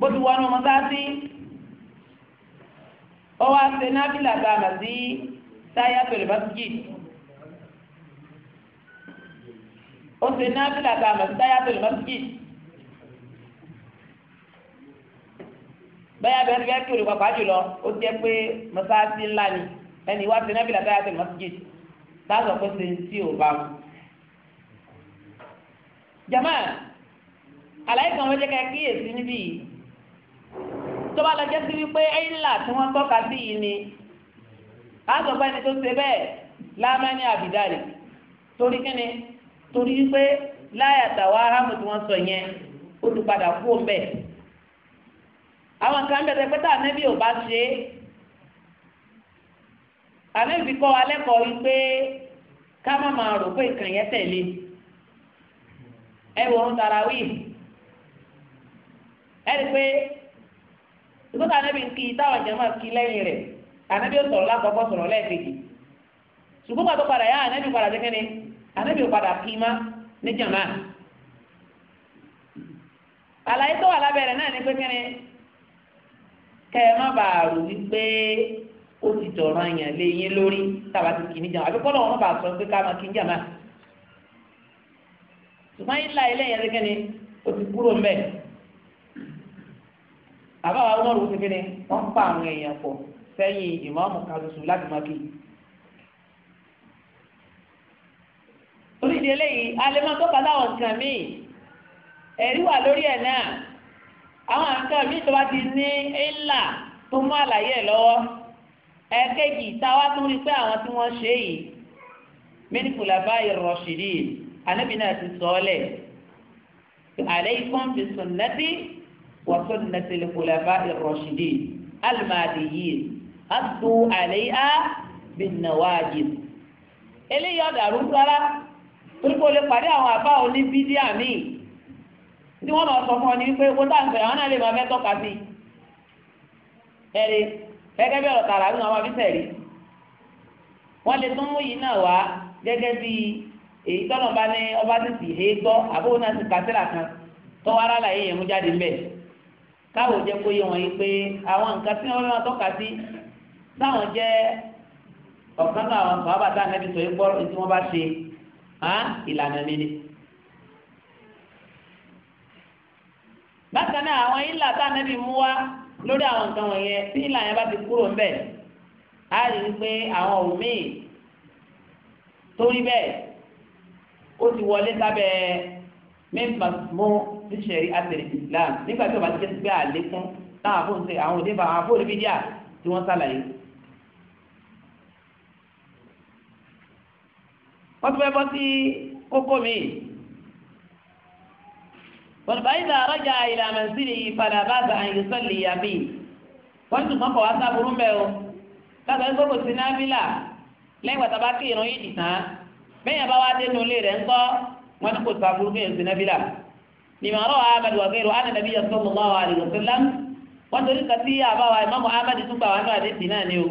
bó ti wọnú mọ́sáàsì ó wá ṣe nábìlà tá a mà sí táyà tòlè bàtìjì ó ṣe nábìlà tá a mà sí táyà tòlè bàtìjì bẹ́ẹ̀ bẹ́ẹ̀ ti fẹ́ kí olùkọ́kọ́ jùlọ ó jẹ́ pé mọ́sáàsì ńlá ni ẹni wá ṣe nábìlà táyà tòlè bàtìjì láti ọ̀pọ̀ ṣe tí ò bá mu. jama àlàyé kan wọ́n jẹ́ ká kíyèsí níbí yìí tó bá lọ jẹ́ sí wípé ẹ̀yìnlá tí wọ́n tọ́ka sí yìí ni azọ̀gbẹ́ ni tó ṣe bẹ́ẹ̀ lámẹ́ni àbídàlẹ̀ torí kíni torí wípé láyàtà wa hàmù tí wọ́n sọ yẹn olùpadà kú ọ̀bẹ. àwọn kan bẹ̀rẹ̀ pé tá ànẹ́bí ò bá ṣe é ànẹ́bí kọ́ wa lẹ́kọ̀ọ́ wípé ká má máa rò pé nǹkan yẹn tẹ̀lé ẹ wọ́n tarawí ẹ rí i pé ṣùgbọ́n tí anabi kì í táwọn jama kì í lẹ́yìn rẹ̀ anabi sọ̀rọ̀ lákọ̀ọ́kọ́ sọ̀rọ̀ lẹ́ẹ̀kejì ṣùgbọ́n pàtó padà yá anabi padà dé kẹ́ni anabi padà kì í má ní jama. àlàyé tó wà lábẹ́rẹ̀ náà ní pé kẹ́ni kẹ́ ẹ má wípé ó ti dọ̀rọ̀ àyàn lé lórí táwa ti kì ní jama àbí kọ́lọ́ wọn bá sọ pé ká kì í jama. ṣùgbọ́n ilà ilé yẹn àbáwá ọlọ́run ti fi ni wọ́n ń pa àwọn èèyàn pọ̀ sẹ́yìn ìmáàmù kazusu láti máa kí. torí ìdí eléyìí alẹ́ máa tọ́ka láwọn nǹkan míì ẹ̀rí wà lórí ẹ̀ náà àwọn nǹkan míì tó bá ti ní ńlá tó mú àlàyé ẹ̀ lọ́wọ́ ẹ̀ẹ́kejì táwa tún rí pé àwọn tí wọ́n ṣe yìí mínífùlà báyìí rọ̀ṣìdì anábìínà ti sọ ọ́ lẹ̀ alaykum bisunnati. وسنة الخلفاء الراشدين المهديين أدوا عليها بالنواجذ eléyìí ọ̀dàrú rárá torí kò lè pàdé àwọn àbá òní bídíà míì tí wọ́n máa sọ fún ọ ní wípé owó tá à ń sọ àwọn náà lè máa fẹ́ tọ́ka sí i ẹ̀rí gẹ́gẹ́ bí ọ̀rọ̀ tààrà nínú àwọn abísẹ̀ rí wọ́n lè tún mú yìí náà wá gẹ́gẹ́ bí èyí tọ́nà bá ní ọba ti sì hé gbọ́ àbóhùn náà ti kásílà kan tọ́wọ́ ara làyè yẹn mú jáde ń káwọ jẹ́ kó yé wọn yìí pé àwọn nǹkan tí wọ́n fẹ́ tọ́ka sí táwọn jẹ́ ọ̀kan náà àwọn sọ̀rọ̀ bàtà nẹ́bí sọ yìí gbọ́rọ̀ tí wọ́n bá ṣe ìlànà mi ni. bákan náà àwọn ìlà tá nẹ́bí mú wá lórí àwọn nǹkan wọ̀nyẹn tí ìlà yẹn bá ti kúrò ńbẹ̀ á rí i pé àwọn òmíì torí bẹ́ẹ̀ ó ti wọlé sábẹ́ mímọ́ ní sẹ̀rí àtẹ̀lẹ̀ islam nígbà tí o bá ti jẹ́ pé àlékún táwọn afóńsè àwọn òde bá àwọn afóńsè bídíà tí wọ́n sàlàyé. wọ́n ti fẹ́ bọ́ sí kókó mi. wọ́n bá yín làárọ̀ jà ìlànà sílẹ̀ ìpadà bá ta àyè sọ́ọ̀lì yàbí. wọ́n ti mọ́kọ̀ wá sábúrú mbẹ́ o. káàkiri gbogbo sí nábìlà lẹ́yìn pàtàkì kí irun yìí dì tán. bẹ́ẹ̀ yẹn bá wá dé nulẹ̀ rẹ̀ ńkọ́ wọ́n ti kò sábúrú kí irun sí nábìlà lima rawa ahmad wa ghayru anna nabiyya sallallahu alayhi wa sallam wọ́n torí kan sí àbáwá imamu ahmad tún gbà wá ní àdéhùn náà ni o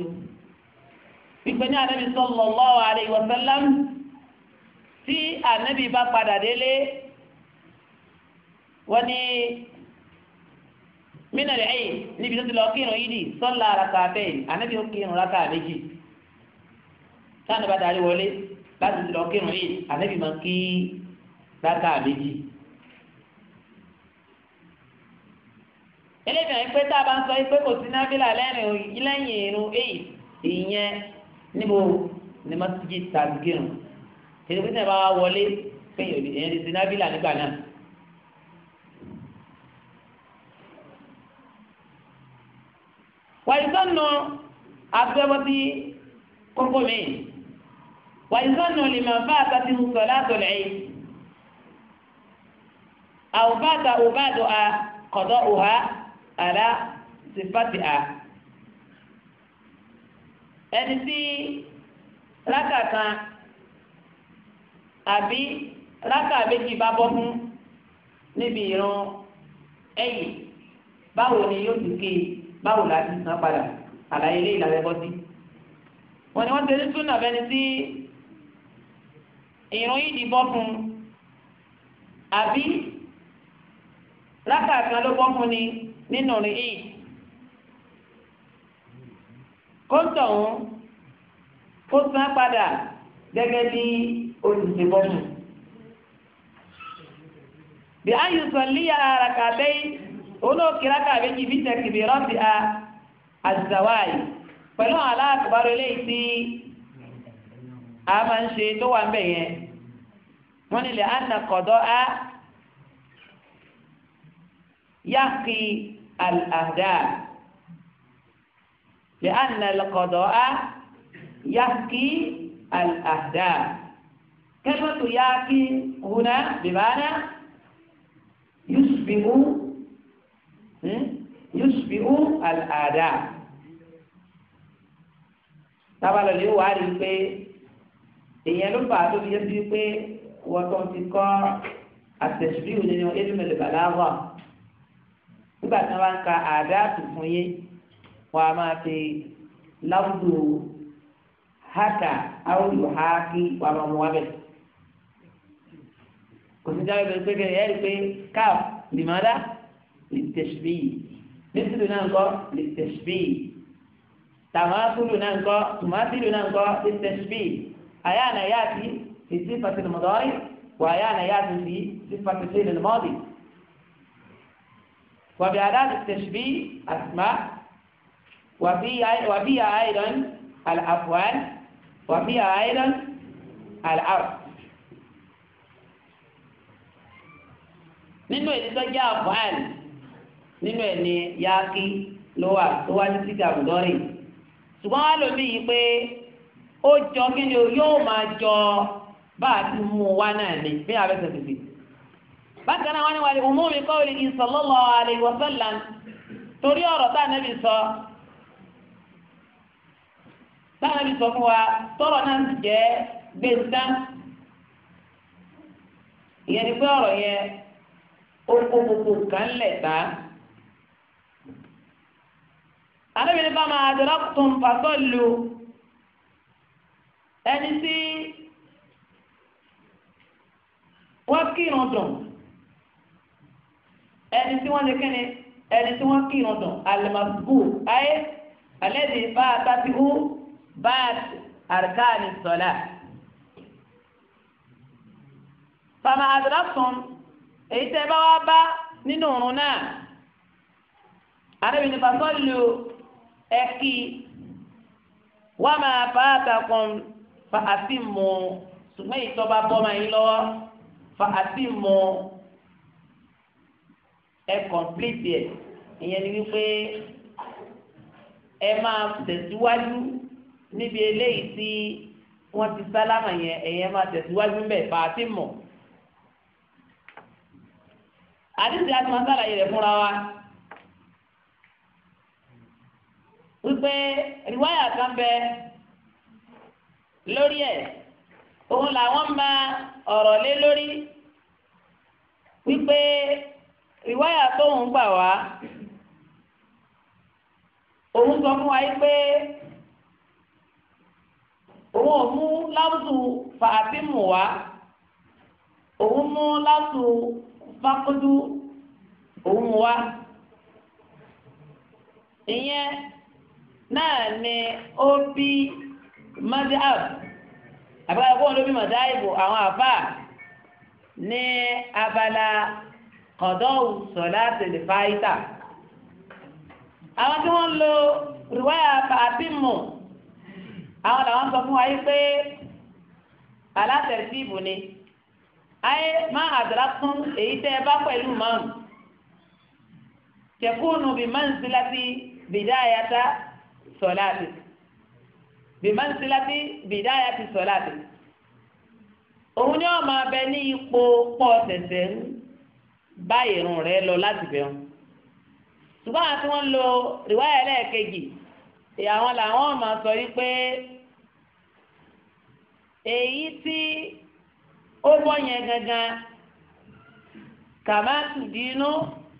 pípẹ́ ní anabi sallallahu alayhi wa sallam tí anabi bá padà délé wọ́n ní mina lè ẹyìn níbi tó ti lọ kírun yìí di sọ́la raka bẹ́ẹ̀ anabi ó kírun raka méjì táwọn bá darí wọlé láti ti lọ kírun yìí anabi máa kí raka méjì. eléyìí náà pé tá a bá ń sọ pé kò sí nábìlà lẹ́yìn irun èyí ìyẹn níbo ni masiji tàbí gírun tètè pé tẹ̀ bá wá wọlé pé èyàn lè sí nábìlà nígbà náà. wàyí sọ́nù àtúwẹ́bọ́sí kókó mi wàyí sọ́nù lè máa bá àtàtì sọ̀ látọ̀lẹ́ yìí àwòbáàdà òbáàdà a kọ̀dọ̀ òhà àlá sèfàtì à ẹni tí rákàtà àbí rákà méjì bá bọ́ fún níbi ìran ẹ̀yìn báwo ni yóò ti ké báwo la ti san padà àlàyé ilé ìlànà ẹ̀kọ́ sí. wọ́n ní wọ́n ti ní súnà bẹ́ni tí ìran yìí di bọ́ fún àbí rákà kan ló bọ́ fún ni. nínú rí i kóńtọ̀ ń kó san padà gẹ́gẹ́ bí olùsè bọ́mù. bí a yóò ara kàbẹ́ olókìlá kàbẹ́ jì bí a àzàwáyé pẹ̀lú aláàkùbárò eléyìí tí a máa ń ṣe tó wà ń bẹ̀ yẹn wọ́n nílẹ̀ ànàkọ̀dọ́ a yá kìí. الأهداف لأن القضاء يحكي الأهداف كلمة يحكي هنا بمعنى يشبه يشبه الأهداف طبعا اللي هو عارف إن يلوم بعضه بيسبيه وتنتقى التشبيه لأنه إذن البلاغة nígbà tí wọ́n bá ń ka àdáàtù fún yín wọ́n á máa fi láwùjọ haka áwùjọ hákì wọ́n á máa mú wá bẹ̀. kò sí jáwé bẹ̀rẹ̀ pé kẹ́kẹ́ ẹ̀rí pé káf lìmọ́dá lè tẹ̀síbí mẹ́sìlú náà ń kọ́ lè tẹ̀síbí tàmásùlù náà ń kọ́ tùmásìlù náà ń kọ́ lè tẹ̀síbí àyà náà yá sí fi sífàtì lùmọ́dọ́rì wà àyà náà sí fi sífàtì وبأداة التشبيه أسماء وفيها أيضا الأفوال وفيها أيضا الأرض nínú èdè tó jẹ́ àfáàlì nínú ẹ̀ ní yaaki ló wà tó wá títí gàmùdọ́rì ṣùgbọ́n wá lómi yìí pé ó jọ kí ni yóò máa jọ bá a ti mú un náà ní bí abẹ́sẹ̀ tètè bákan náà wọ́n ní wàlí umumi qawlihi sallallahu alayhi wa sallam torí ọ̀rọ̀ tá ànábì sọ tá ànábì sọ fún wa tọrọ náà ti jẹ́ gbèsè ìyẹn ni pé ọ̀rọ̀ yẹn ó kó gbogbo kan lẹ̀ tá. ànábì bá máa adraktum fasallu ẹni tí wọ́n kírun dùn ẹni tí wọ́n lè kẹ́ni ẹni tí wọ́n kí irun dùn alimasibu ayé alẹ́dì bá a tàbí hu bá a àrkáàní sọ̀lá. fama adraktum èyí tẹ́ bá wá bá nínú òrùn náà arábìnrin fasọ́ lu ẹ̀kí wọ́n máa bá a takùn fa àti mọ̀ ṣùgbọ́n ìtọ́ bá bọ́ máa yín lọ́wọ́ fa àti mọ̀ ẹ kọ̀m̀plìtì ẹ̀ ìyẹn ni wípé ẹ máa tẹ̀síwájú níbi eléyìí tí wọ́n ti sálámà yẹn ẹ̀yẹ máa tẹ̀síwájú ń bẹ̀ fàátì mọ̀. àdìsí àti máa sàlàyé rẹ̀ fúnra wa wípé rìwáyà kan bẹ lórí ẹ̀ òun làwọn máa ọ̀rọ̀ lé lórí wípé. ìwáyà tó gbà wá òun sọ fún wa yìí pé òun ò mú láwùjọ fàtímù wá òun mú láwùjọ fákúdú òun wá ìyẹn náà ni ó bí madhab àbúrò àbúrò ló bí madhab àwọn àfà abala. kọ̀dọ́wù sọ̀lá tẹ̀lé fáyítà. àwọn tí wọ́n lo rìwáyà fàtímù àwọn làwọn sọ fún wa yìí pé alátẹ̀síìbù ni ayé máa àdúrà fún èyí tẹ́ ẹ bá pẹ̀lú márùn tẹkùnù bí mọ́nsíláti bìdáyàtà sọ̀láàtì bí mọ́nsíláti bìdáyàtì sọ̀láàtì òun ni wọ́n máa bẹ ní ipò pọ̀ tẹ̀sẹ̀ ń bá ìrun rẹ lọ láti bẹ̀rù ṣùgbọ́n àti wọ́n lo rìwáyà ẹlẹ́ẹ̀kejì àwọn làwọn ọmọ sọ wípé èyí tí ó bọ́ yẹn gangan kàmá tùdínú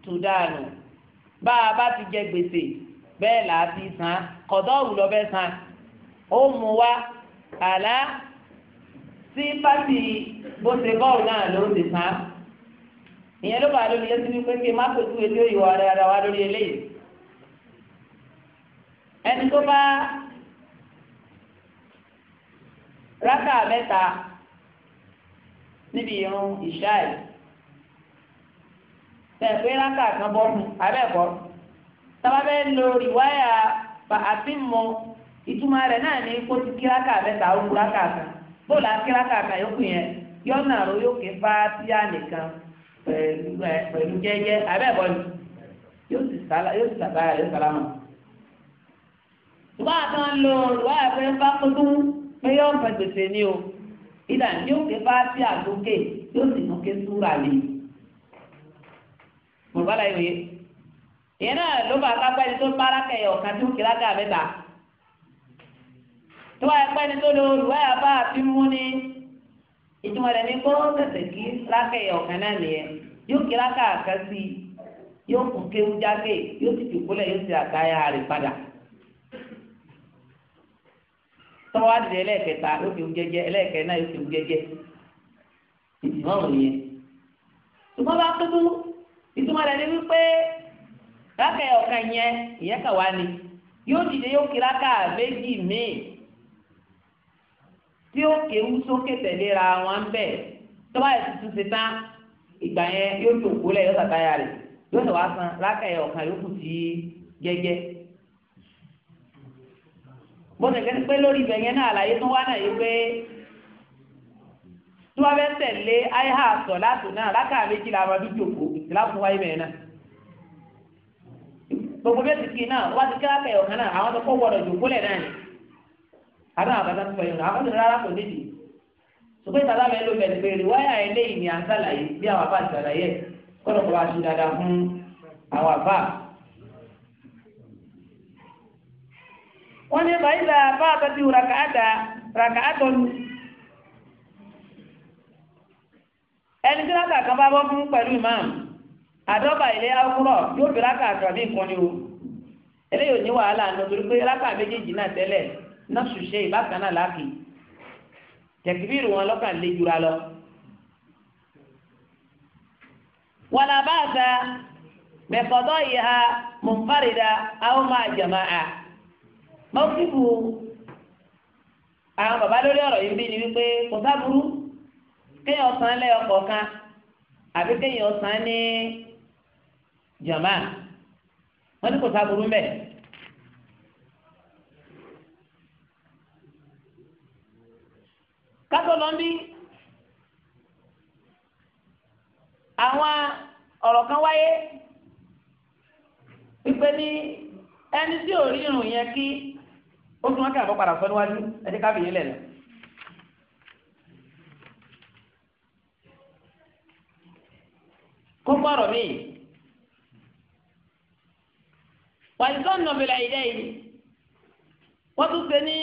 tùdánù bá a bá ti jẹ gbèsè bẹ́ẹ̀ là á ti san kọ̀dọ́ọ̀rù lọ bẹ́ẹ̀ san ó mú wa àlá sí pátì bó ṣe bọ́ọ̀lù náà ló ti san. ìyẹn ló bàa lórí létí wípé kí n má pèsè ojú ìwà lórí eléyìí ẹni tó bá rákà mẹ́ta níbi irun ìṣáì tẹ̀pé rákà kan bọ́ fún abẹ́ẹ̀kọ́ sábàbẹ́ lo ìwáyà àtìmọ ìtumọ̀ rẹ̀ náà kó ti kí kan kan yókù yẹn pẹ̀lú ẹ pẹ̀lú jẹ́jẹ́ abẹ́bọ̀ ni yóò sì sàlá yóò sì sàlá yóò sàlá mọ̀. Ìwà kan lo ìwà ẹ̀fẹ́ bá kúndú pé yóò fẹ́ gbèsè ni o. Ìdá ní yóò ké bá sí àdókè yóò sì mú ké súra lè. Mọ̀gbálá yóò yé. Ìyẹn náà ló bá kápẹ́ ni tó bára kẹyọ̀ ọ̀kan tó kíra gà mẹ́ta. Ìwà ẹ̀pẹ́ ni tó lo ìwà ẹ̀fẹ́ àti mú ni ìtumọ̀ rẹ̀ ní gbọ́dọ̀ tẹ̀sẹ̀ kí lákẹ̀yẹ̀ ọ̀kan náà nìyẹn yóò kí lákàkà sí i yóò kú kéwú jáde yóò ti tìkúlẹ̀ yóò ti àtàyà rẹ̀ padà. tọ́wọ́ á dìde ẹlẹ́ẹ̀kẹta yóò fi jẹ́jẹ́ ẹlẹ́ẹ̀kẹ́ náà yóò fi jẹ́jẹ́ ìtumọ̀ rẹ̀ nìyẹn. ṣùgbọ́n bá tó dún ìtumọ̀ rẹ̀ ní wípé lákẹ̀yẹ̀ ọ̀kan yẹn ìyẹ́kà tí ó kéwú sókè tẹ̀léra wọn ń bẹ̀ tọ́ba yẹn tuntun ṣe tán ìgbà yẹn yóò tó òkú lẹ̀ yóò tàtàyà rẹ̀ yóò tẹ̀ wá san lákàyè ọ̀kan yóò kù sí gẹ́gẹ́ bọ́sẹ̀ kẹ́ni pé lórí ibẹ̀ yẹn náà àlàyé tó wá náà yìí pé tí wọ́n fẹ́ tẹ̀lé àìhà sọ̀ látò náà lákàá méjì la máa fi jòkó ìsìláàmù wáyé bẹ̀rẹ̀ náà. gbogbo bí ó ti kí náà wọ́n ti kí lákàá ẹ̀wọ̀n náà àwọn tó kọ́ gbọ́dọ̀ jòkó lẹ̀ náà àdá àbàdà tó fẹ̀yìn àwọn ọ̀dọ̀ rárá kò nídìí ṣùgbọ́n ìtàlá mi ló bẹ̀rẹ̀ pé rìwáyà eléyìí ni à ń sàlàyé bí àwọn àbá àṣàlàyé kọ́dọ̀ kọ́ bá ṣe dáadáa fún àwọn àbá. wọ́n ní bàyíṣà bá a tọ́jú rakaata rakaata lu ẹni tí rákà kan bá bọ́ fún pẹ̀lú ìmáàmù àdọ́bà ilé awúrọ̀ yóò fi rákà àtọ̀ ní ìkànnì o eléyìí ò ní wàhálà nítorí pé rákà méjèèjì náà tẹ́lẹ̀ náà ṣùṣe ìbákan náà láàkì tẹkibíìrì wọn lọ́kàn lé jura lọ. wàlà bá a sa mẹkọdọ yìí ha mọ̀nfàrìdà àwọn máa jàmá a. mọ́kìbù àwọn bàbá lórí ọ̀rọ̀ yìí bí ni wípé kò sábúrú kéèyàn san lẹ́yọ̀ kọ̀ọ̀kan àbí kéèyàn san ní jàmá. wọ́n ní kò sábúrú mẹ́ẹ̀. kátó lọ bí àwọn ọ̀rọ̀ kan wáyé wípé ní ẹni tí ò rí yẹn kí ó tún wákàtí àbọ̀ padà sọ níwájú ẹni ká lẹ̀ lọ. kókó ọ̀rọ̀ mi wàlìkọ́n nọ̀bìlà wọ́n tún ṣe ní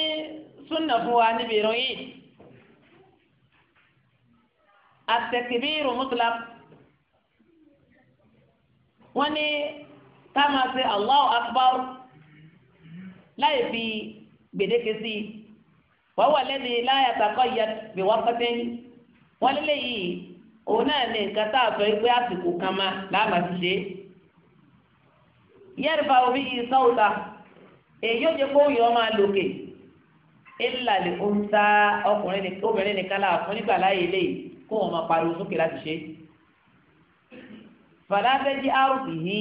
àtẹ̀kìbírù mutlaq wọ́n ní ká máa ṣe Allahu akbar láì fi gbèdéke sí i wọ́n wà lẹ́ni láyà tàkọ́ yẹ bí wọ́n pẹ́ tẹ́yìn wọ́n lélẹ̀ yìí òun náà ní nǹkan tá a sọ pé àsìkò kan láàmà ti ṣe é yẹ́rìfà yìí sọ́ọ̀tà èyí ó jẹ́ kó yọ ọ́ máa ńlá lè ń ta ọkùnrin nìkan láàfún nígbà láàyè léyìí kó wọn máa pariwo sókè láti ṣe. fàlà tẹ́jì àrùn bìhí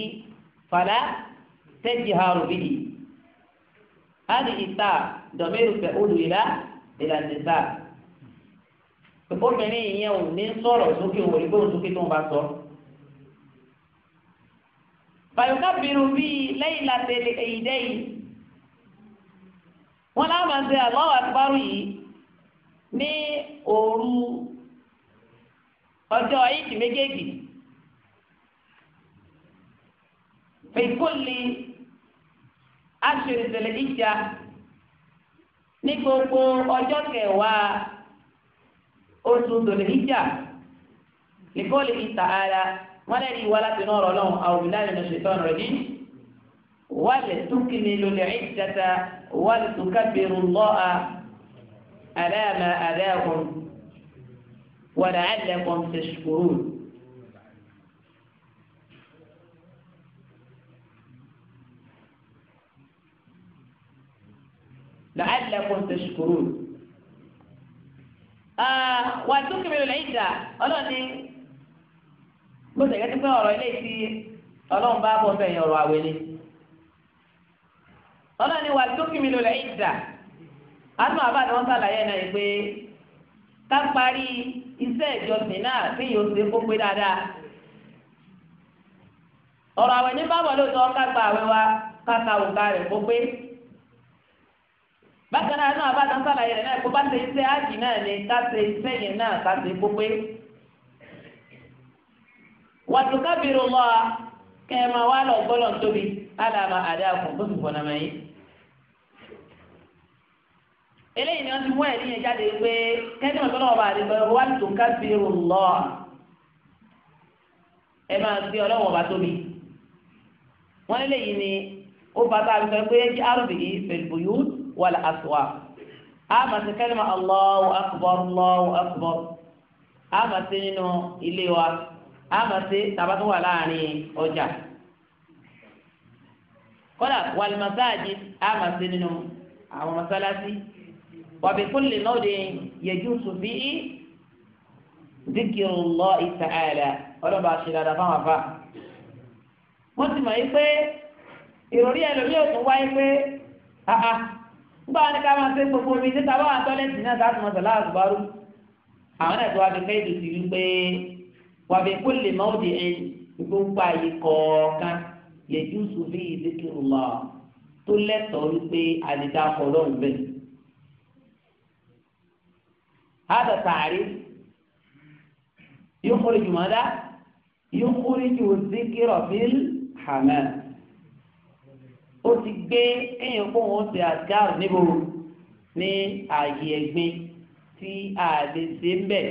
fàlà tẹ́jì àrùn bìhí. hali ìta dọ̀mẹ́rù fẹ́ olùyìlá ìlànà ìta. obìnrin yẹn ò ní sọ̀rọ̀ sókè òwòlé bóun sókè tó ń bá sọ. fàyọkábìrù bíi lẹ́yìn làtẹ̀lẹ̀ èyí dẹ́yìn. wọ́n láwọn máa ń ṣe Allahu akbar yìí ní òru ọjọ́ ìdí méjèèjì fìkúlì aṣèrèsèlè ìjà ní gbogbo ọjọ́ kẹwàá oṣù dòlè ìjà nìkọ́lì ìta ara wọn lè rí ìwà láti náà rọ̀ lọ́wọ́ àwọn òbí láàrin oṣù tó ń rẹ̀ yìí wàlẹ̀ túkìlì ìjàta wàlẹ̀ túkàbẹ̀rù lọ́à àdáàmà àdáàkùn. ولعلكم تشكرون لعلكم تشكرون وتكمل العدة ọlọ́ni bó ṣe kẹ́tí pé ọ̀rọ̀ ilé tí ọlọ́run bá bọ̀ وتكمل العدة àánú àbá ni wọ́n ṣàlàyé náà na iṣẹ́ ìjọsìn náà tí yóò ṣe kó pé dáadáa. ọ̀rọ̀ àwẹ̀ ní bábọ̀ ló sọ kápá àwẹ̀ wa káka òǹkà rẹ̀ kó pé. bákan náà náà bá tán sàlàyé rẹ̀ náà kó bá ṣe iṣẹ́ ájì náà ni ká ṣe iṣẹ́ yẹn náà ká ṣe kó pé. kẹ́ ẹ máa wá lọ tóbi ti yìí. eléyìí ni wọ́n ti mú ẹ̀rí yẹn jáde pé kẹ́ńtì mọ̀tò náà wà á lè gbọ́ wá tó ká sí Allah ẹ máa gbé ọlọ́wọ́n bá tóbi wọ́n eléyìí ni ó bá bá sọ pé kí arúgbó yìí fèlbùyù wà lá àtúwà á máa ti kẹ́lẹ́mà Allahu akbar Allahu akbar á máa ti nínú ilé wa á máa ti tàbá tó wà láàrin ọjà kọ́dà wal masajid á máa ti nínú àwọn mọ́sálásí. وبكل نور يجوز به ذكر الله تعالى ọlọ́ba àṣìlára fáwọn afá wọ́n ti mọ̀ yí pé ìròrí ẹlòmí ò tún wáyé pé àà nígbà wọn ni ká máa ṣe gbogbo omi títa bá wọn tọ́lẹ́tì náà láti mọ̀ sọ̀lá àgbárù àwọn náà tó wá fi kéèdù sí i pé wà fi kó lè máa di ẹ gbogbo ààyè kọ̀ọ̀kan yẹjú sùn bí ìdíkìrù lọ tó lẹ́tọ̀ọ́ wípé àdìdá kọ̀ lọ́hùn bẹ́ẹ̀. هذا تعريف يخرج ماذا؟ يخرج الذكر في الحمام ó ti gbé kéèyàn kó wọn ṣe àṣkáàrù níbo ní ààyè ẹ̀gbin tí ààlè ṣe ń bẹ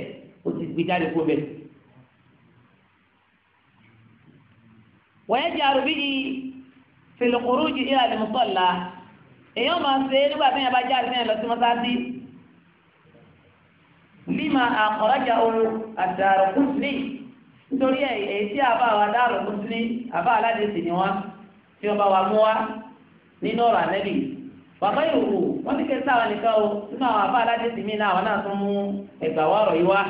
ó ti gbé jáde kó bẹ. wọ́n yẹ jẹ́ àrùbí yìí fil khuruj ila al-musalla èèyàn máa ṣe nígbà tí yẹn bá jáde ní ẹ̀ lọ sí mọ́sáàtì lima àkọ́lájà ohun àdàrọ̀ kùsùnì nítorí èyí tí àbá wa dàrọ̀ kùsùnì àbá aládé sì ni wọn tí wọn bá wa mú wa nínú ọ̀rọ̀ ànẹ́bì bàbá ìwò wọn ti kẹsà wọn nìkan o nínú àwọn àbá aládé sì mí náà àwọn náà tún mú ẹgbà wa ọ̀rọ̀ yìí wá.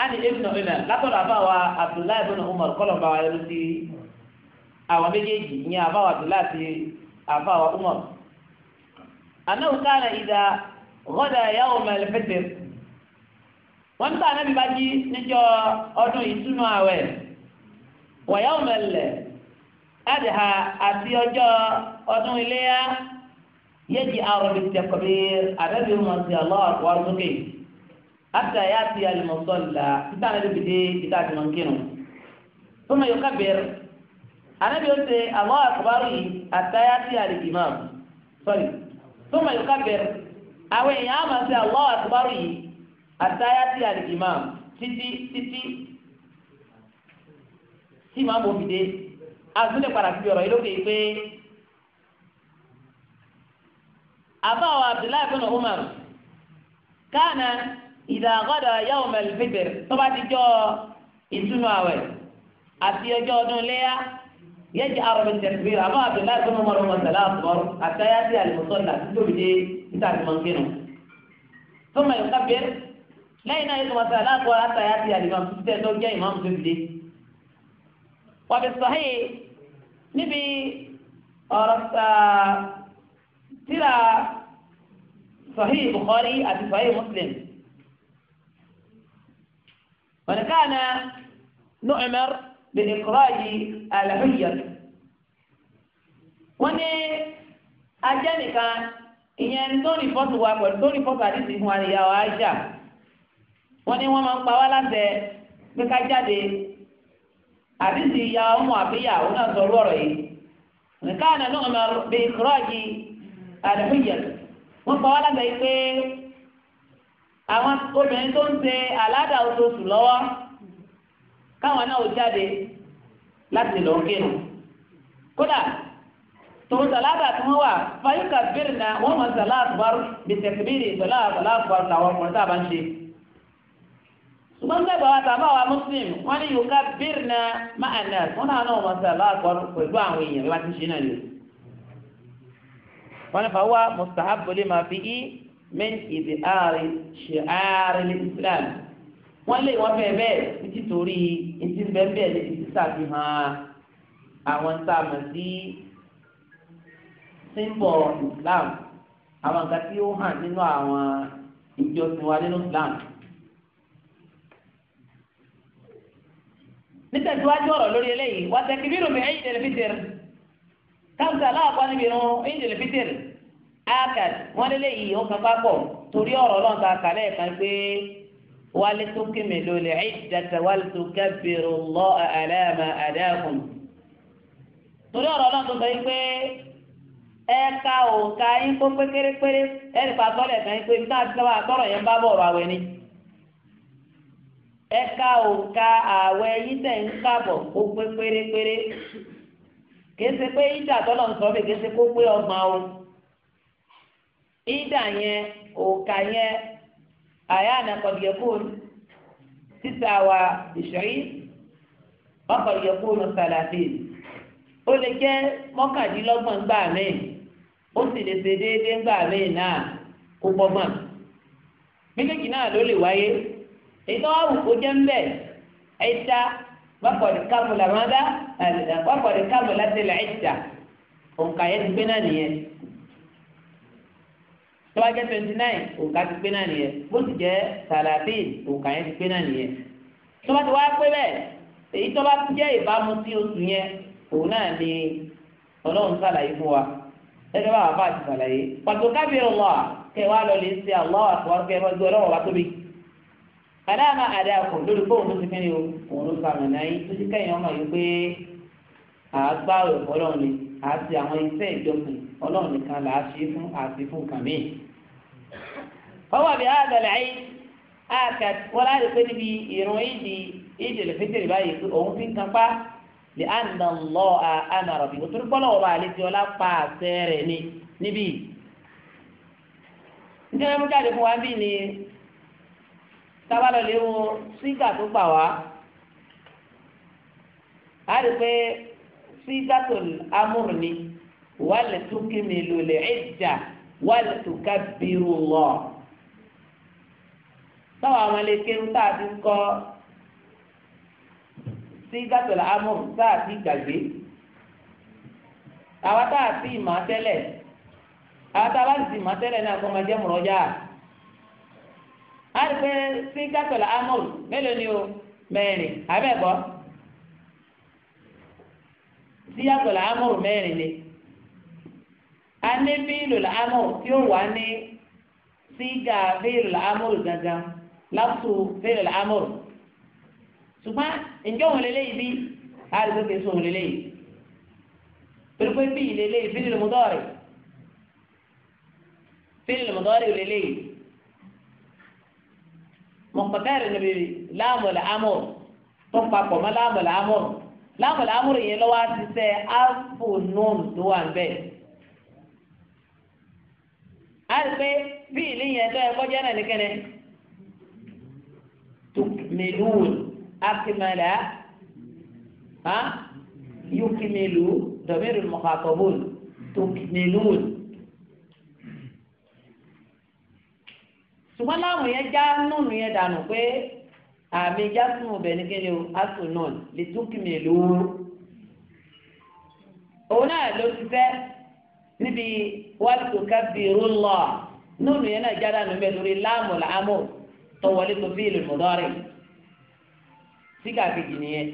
a ní ebi nà ọ̀nà látọ̀dọ̀ àbá wa Abdullahi bin Umar kọ́lọ̀ bá wa lọ sí àwọn méjèèjì ìyẹn àbá wa Abdullahi àti àbá wa Umar. anáwó káàlà ìdá gọ́dà yawm al wọ́n nígbà náà bí bá jí níjọ́ ọdún ìtúnu àwẹ̀ wọ̀yá òmẹ̀lẹ̀ láti ha àti ọjọ́ ọdún iléyà yéji àròbí tẹkọ̀bí àbẹ́bí wọn ti ọlọ́ọ̀ wọ́n sókè àti àyà ti àlùmọ̀sọ́lá títà náà bí dé títà àti mọ̀nkírun fún mi yóò kábẹ́rẹ́ anabi ose àwọn akubaru yìí àtàyàtì àlìjìmọ̀ sọ́rí fún mi yóò kábẹ́rẹ́ àwọn èèyàn àmọ̀ sí àwọn akubaru yìí àtàyàtì àlìkìmáàmù títí títí tí màá bò fìdé àtúndé padà fi ọ̀rọ̀ yìí lókè pé àbáwọ̀ Abdullahi bin Umar kánà ìdàgọ́dọ̀ yawm al-fitr tó bá ti jọ ìtúnu àwẹ̀ àti ọjọ́ ọdún léyà yẹ́jì arọ̀bì tẹ̀síbìrì àbáwọ̀ Abdullahi bin Umar wọn sàlá àtúmọ̀rọ̀ àtàyàtì àlìmọ̀sọ́lá tó bìdé níta àti mọ̀nkínú tó mọ̀ ìkábẹ́rẹ́. lẹ́yìn náà yóò máa sọ aláàbọ̀ látàyà ti àlìmọ̀ títẹ̀ tó jẹ́ ìmọ̀ tó dìde. wàbí sọ́hìn níbi ọ̀rọ̀ tíra sọ́hìn Bukhari àti sọ́hìn Muslim. wọ́n kàn án نعمر بإخراج الحجر wọ́n ní ajẹ́ nìkan ìyẹn tó ní fọ́tò wa pẹ̀lú tó ní fọ́tò àdìsí fún àríyá wa ṣáà wọ́n ní wọ́n máa ń pa wá láṣẹ pé ká jáde àdìsí ìyá ọmọ àbíyá òun náà sọ ọ̀rọ̀ yìí nǹkan àná ló ń lọ bí kúrọ́ọ̀jì àdìmúyẹ wọ́n pa wá láṣẹ yìí pé àwọn obìnrin tó ń ṣe aládàá oṣooṣù lọ́wọ́ káwọn náà ó jáde láti lọ kírun kódà tòun tí wọ́n wà fayúkà bírìnà wọ́n mọ̀ sàlátà bí tẹ̀síbírì sàlátà wárú làwọn ọmọ tá ń ṣe ṣùgbọ́n gbàgbà wa tàbá wa muslim wọ́n ní yorùbá bír na máa nà wọ́n náà náà wọ́n sábà kọ́ pẹ̀lú àwọn èèyàn bí wọ́n ti ṣe náà lò. wọ́n ní fàwa mustahabu máa fi í min ìdí ààrẹ ṣe ààrẹ ní islam wọ́n lé wọ́n bẹ́ẹ̀ bẹ́ẹ̀ títí torí etí bẹ́ẹ̀ bẹ́ẹ̀ ní ti ṣàfihàn àwọn sáàmù sí símbọ̀ islam àwọn nǹkan tí ó hàn nínú àwọn ìjọsìn wa nínú islam. nítẹ̀síwájú ọ̀rọ̀ lórí eléyìí wà tẹ̀kíbírù mi ẹ̀yìn tẹlifítìrì káàmùsà aláàbọ̀ níbi irun ẹ̀yìn tẹlifítìrì ákàt wọn léléyìí ó kàn pápọ̀ torí ọ̀rọ̀ náà ta kàlẹ́ kan pé wálé tó kéme lólè ẹ̀dàtà wálé tó kábìrì lọ́ àlàmà àdáhùn. torí ọ̀rọ̀ náà sọ yìí pé ẹ̀ka òǹkà yín kó pé kérépéré ẹ̀rì eka òǹkà ààwẹ̀ yíṣẹ ń kàbọ ó pé pérépéré kése pé ìdá tọ́lọ̀ ń sọ bẹ́ẹ̀ kése kó pé o ìdá yẹn òǹkà yẹn àyà ànàkọ̀dìyẹ̀kùn títà wà ìṣòrí ọkọ̀dìyẹ̀kùn sàlàtì ó lè jẹ́ mọ́kàndínlọ́gbọ̀n gbà ó sì lè ṣe déédéé gbà náà kó méjèèjì èyí tó wà wù kó jẹ́ mbẹ́ ẹ̀dá wákọ̀dé kámù làmọ́dá wákọ̀dé kámù látẹ̀lẹ̀ ẹ̀dá òǹkà yẹn ti gbé náà nìyẹn tó bá jẹ́ twenty nine òǹkà ti gbé náà nìyẹn bó ti jẹ́ sàlàbí òǹkà yẹn ti gbé náà nìyẹn tó bá ti wá pé bẹ́ẹ̀ èyí tó bá jẹ́ ìbámu sí oṣù yẹn òun náà ni ọlọ́run sàlàyé fún wa ẹgbẹ́ bá wà bá ti sàlàyé pàtó kábíyèrè wà kẹ́ wàá lọ lè ṣe àlọ́ àtúwárúkẹ́ ẹgbẹ́ ọlọ́run kàdáàmà àdàkù lórí fóònù ti kẹ́ni o òun sàmìnà yìí tó ti kẹ́yìn ọmọ yìí pé àgbà ni àti àwọn iṣẹ́ ìjọsìn ọlọ́run nìkan là á ṣe fún àti fún kàmí. fọwọ́ bí ayé àkà wọn láti pé níbi ìrún ìdí ìdí ìlẹ̀fẹ́tẹ̀rì báyìí pé òun fi ń kan pa lè àná lọ àná rọ̀bì nítorí bọ́lá pa àṣẹ rẹ̀ ni níbí. tábàlọ́ lè wo sígà tó gbà wá a lè pe sígà tó amúrù ni wà lè tún kí mi lò lè ẹ̀ jà ká bírù lọ. táwọn àwọn ilé kéwù tá a ti kọ́ sígà tó amúrù tá a ti gbàgbé àwa tá a ti mà tẹ́lẹ̀ àwa tá a bá ti mà tẹ́lẹ̀ náà kọ́ máa jẹ́ mọ̀rọ́jà àrùkẹ́ sí gàtọ̀lá amúr mélòó ni o mẹ́rin abẹ́bọ̀ sí gàtọ̀lá amúr mẹ́rin ni a ní fíìlù làámúr tí ó wà ní sígà fíìlù làámúr gangan lápùtù fíìlù làámúr ṣùgbọ́n ǹjẹ́ òun lélẹ́yìí bí àrùkẹ́ kìí sùn òun lélẹ́yìí torí pé bíi lélẹ́yìí fíìlù mọ́tọ́rì fíìlù mọ́tọ́rì lélẹ́yìí mọ̀kọ́tẹ́rì níbi láàmùlẹ̀ amúrù tó papọ̀ mọ́ láàmùlẹ̀ amúrù láàmùlẹ̀ amúrù yẹn lọ́wọ́ ti sẹ́ áfùnún tó wà ń bẹ̀. a rí pé bí ìlú yẹn tó ẹ kọjá náà nìkẹ́ni tukmilun akimala ha yukimilu dọ̀míìrì mọ̀kàtọ̀bùn tukmilun. ṣùgbọ́n láwọn yẹn já nùnú yẹn dànù pé àmì jásùn ọbẹ̀ ní o asùn náà lè tún kìmì lówó òun náà ló ti fẹ́ níbi wàlùkù kábìrú lọ nùnú yẹn náà já dànù bẹ́ẹ̀ lórí láàmù làámù tó wọlé tó fi ìlú mọ̀dọ́rì síkà kejì nìyẹn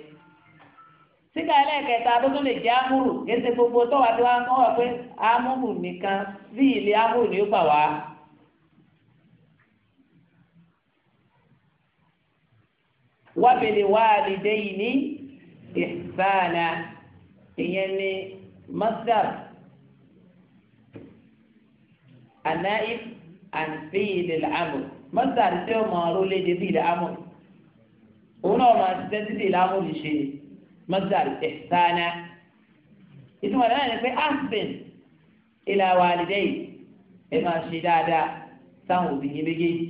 síkà ẹlẹ́ẹ̀kẹta tó lè jẹ́ amúrù gbogbo tó wà tó wà wà pé amúrù nìkan ilé amúrù ni wábìlì wáàlìdé yìí ní ìsáàlà ìyẹn ní masdar anaif ànfíìlì làámù masdar tí ó mọ ọrọ léde bíi làámù òun náà máa ti tẹ́tí bíi làámù lè ṣe masdar ìsáàlà ìtumọ̀ ni pé asbin ìlà wàlìdé yìí ẹ máa ṣe dáadáa sáwọn òbí yín méjèèjì.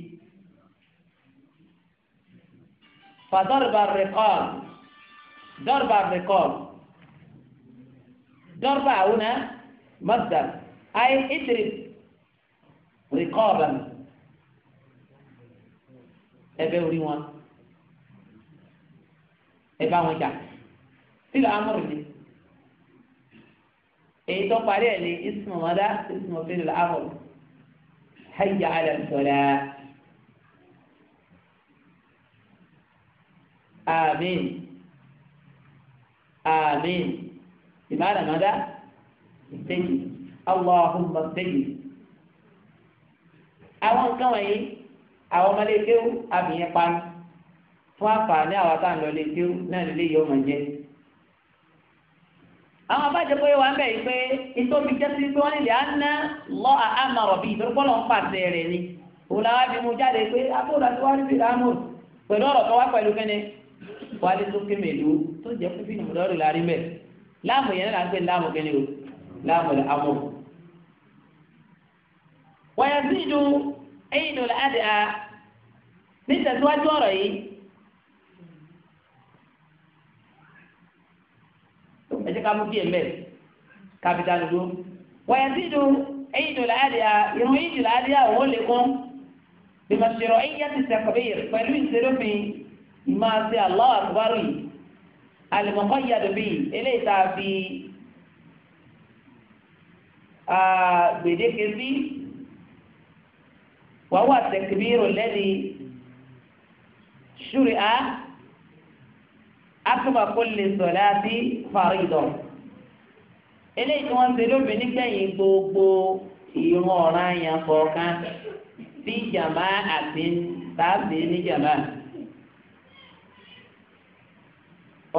فضرب الرقاب ضرب الرقاب ضرب هنا مصدر اي اضرب رقابا everyone في الامر إيه لي إيه تقول لي اسمه ماذا اسمه في الأمر حي على الفلاح آمين آمين بمعنى ماذا؟ استجب اللهم استجب àwọn nǹkan wọ̀nyí àwọn ọmọlékéwú àbìyẹn pani fún àǹfààní àwọn àtàǹdọ̀ lékéwú náà lè yọ ọmọ jẹ. àwọn abájọ pé wà ń bẹ̀ yìí pé ìtòmí jẹ́sí pé wọ́n nílẹ̀ á ná àmà rọ̀bì ìtòlùpọ̀lọ̀ ń pàṣẹ rẹ̀ ni òun làwọn abìmú jáde pé àti pẹ̀lú ọ̀rọ̀ kan wá pẹ̀lú kẹ́ni wálé sókè mélòó tó jẹ́ fún fíìmù lọ́rùn lárí mẹ́ láàmù yẹn náà gbé láàmù kẹ́ni o láàmù lẹ́ amọ̀. wàyà zíìdù ẹ̀yìn lọ́la adé a ní tẹ̀síwájú ọ̀rọ̀ yìí. ẹ jẹ́ ká mú díẹ̀ mẹ́ kábíta lódó. wàyà zíìdù ẹ̀yìn lọ́la adé a ìròyìn ìjìlá adé òun ó lè kún. bìmọ̀ṣẹ̀rọ̀ ẹ̀yìn yá ti sẹ̀kọ̀ bẹ́yẹ̀ pẹ̀lú ìṣèlófin ìmáa ṣe Allahu Akbar al-muqayyad bihi eléyìí tá a fi gbèdéke sí wa huwa at-takbiru alladhi shuri'a akpa kulli salati faridah eléyìí tí wọ́n ṣe lóbìnrin gbẹ̀yìn gbogbo ìrun ọ̀ranyàn kọ̀ọ̀kan bí jàmá àti tàbí ní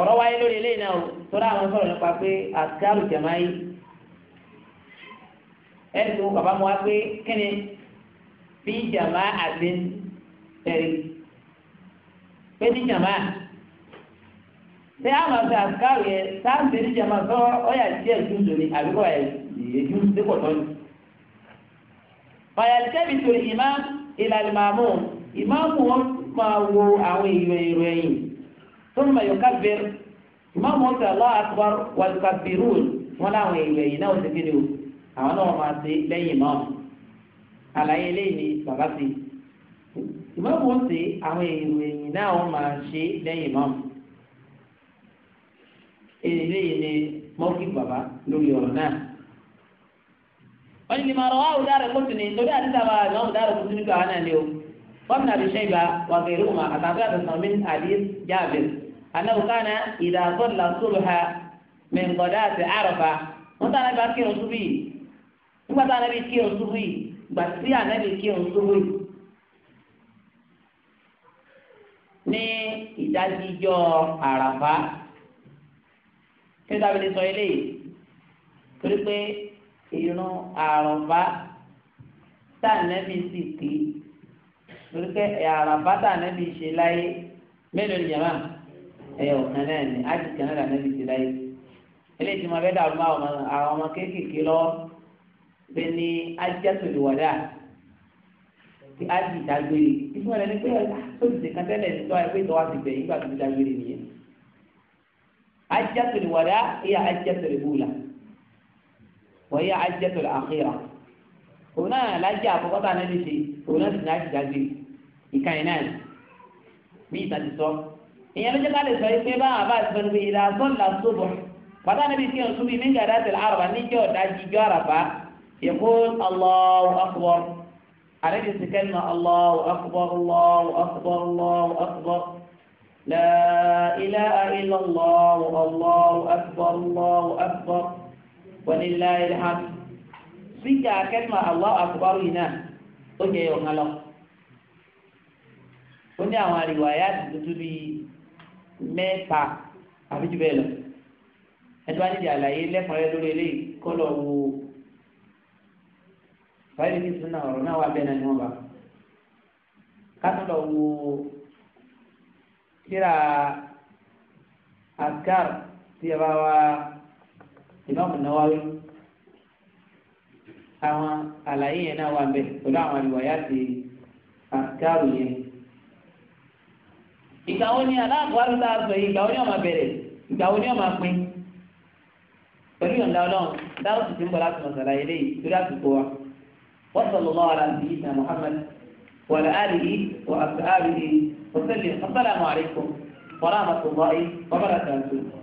ọ̀rọ̀ wáyé lórí eléyìí náà tọ́lá àwọn sọ̀rọ̀ nípa pé àtikárù jẹ̀má yìí ẹni tó bàbá mu wá pé kíni bí jàmá àti tẹ̀rí pé ní jàmá ṣé àwọn àti àtikárù yẹ sáǹtì ní jàmá sọ ọ̀yà díẹ̀ jù lórí àbíkọ́ ẹ̀ èjú dẹ́kọ̀ tọ́jú. fàyàlìkẹ́bi torí ìmáàmù ìlànà màmú ìmáàmù wọn máa wo àwọn èrò èrò ẹ̀yìn. ثم يكبر ما موسى الله أكبر والكبرون ولا ويلي نو سكينيو أو نو ما سي لي إمام على يليني بغسي إمام موسى أو يلي نو ما شي لي إمام إليه ني موكب بابا لوري ورنا wọ́n ní ma rọ̀ wáwù dára kóòtù torí àdìsá wa ìmáwù dára kóòtù ni kò o wọ́n mi nà bí sẹ́yìn bá wà kẹ́rù àtàkùn àtàkùn mi àdìs jáàbẹ̀rẹ̀ anáwó kánà ìdàgbọ́n làásùlù ha mẹ́ngọ́dá àti àròfà wọ́n tán anábì akírun ṣubú yìí nígbà tán anábì kírun ṣubú yìí gbà sí anábì kírun ṣubú yìí ní ìdájíjọ́ àràfà kí ló dábìlì sọ eléyìí torí pé ìrun àròfà tá anábì sì kí torí pé àràfà tá ṣe láyé mélòó ni jàmáà ẹyọ kan náà ni ájì kan náà lànà bìtì láyé eléyìí tí mo fẹ́ dàrú mọ́ àwọn ọmọ kéékèèké lọ pé ní ájẹ́sọ̀lù wàdà tí ájì dágbére ìfún ẹ̀rẹ́ ni pé sóbìsì kan tẹ́lẹ̀ ní tọ́ ẹgbẹ́ ìtọ́wá ti bẹ̀yìn nígbà tó ti dágbére nìyẹn ájẹ́sọ̀lù wàdà ìyá ájẹ́sọ̀lù bùlà wọ́n yá ájẹ́sọ̀lù àkírà òun náà lájà àkọ́kọ́ tá a náà ní ṣe òun náà sì ní ájì dágbére ìkànnì náà bí ìtàn ti sọ هي نجي قال سيد سبا عباس بن بيلا صلى الصبح فذا نبي سيد الصبح من جرات العرب نيجي وتجي جرفة يقول الله أكبر على جس كلمة الله أكبر الله أكبر الله أكبر لا إله إلا الله الله أكبر الله أكبر ولله الحمد سيجا كلمة الله أكبر هنا أوكي يوم الله ونعم على روايات تبي mẹ́ta àbí jù bẹ́ẹ̀ lọ ẹni bá nídìí àlàyé lẹ́kùnrin lórí eléyìí kọ́ lọ wo báyìí ní sunna ọ̀rọ̀ náà wà bẹ́ẹ̀ náà ni wọ́n bá kátó lọ wo kíra askar tí a bá wá ìmáàmù Nawawi àwọn àlàyé yẹn náà wà bẹ́ẹ̀ pẹ̀lú àwọn àlùwàyà ti askaru yẹn. ìgbà wo ni aláàbò àrùtà àgbẹ yìí ìgbà wo ni ọmọ bẹ̀rẹ̀ ìgbà wo ni ọmọ pin pẹ̀lú yọ̀ǹda ọlọ́run dáhùn sì ń bọ̀ láti mọ̀ sàlàyé torí wa wọ́n sọ̀rọ̀ lọ́wọ́ ara wa ala alihi wa ashabihi wa sallam assalamu alaikum wa rahmatullahi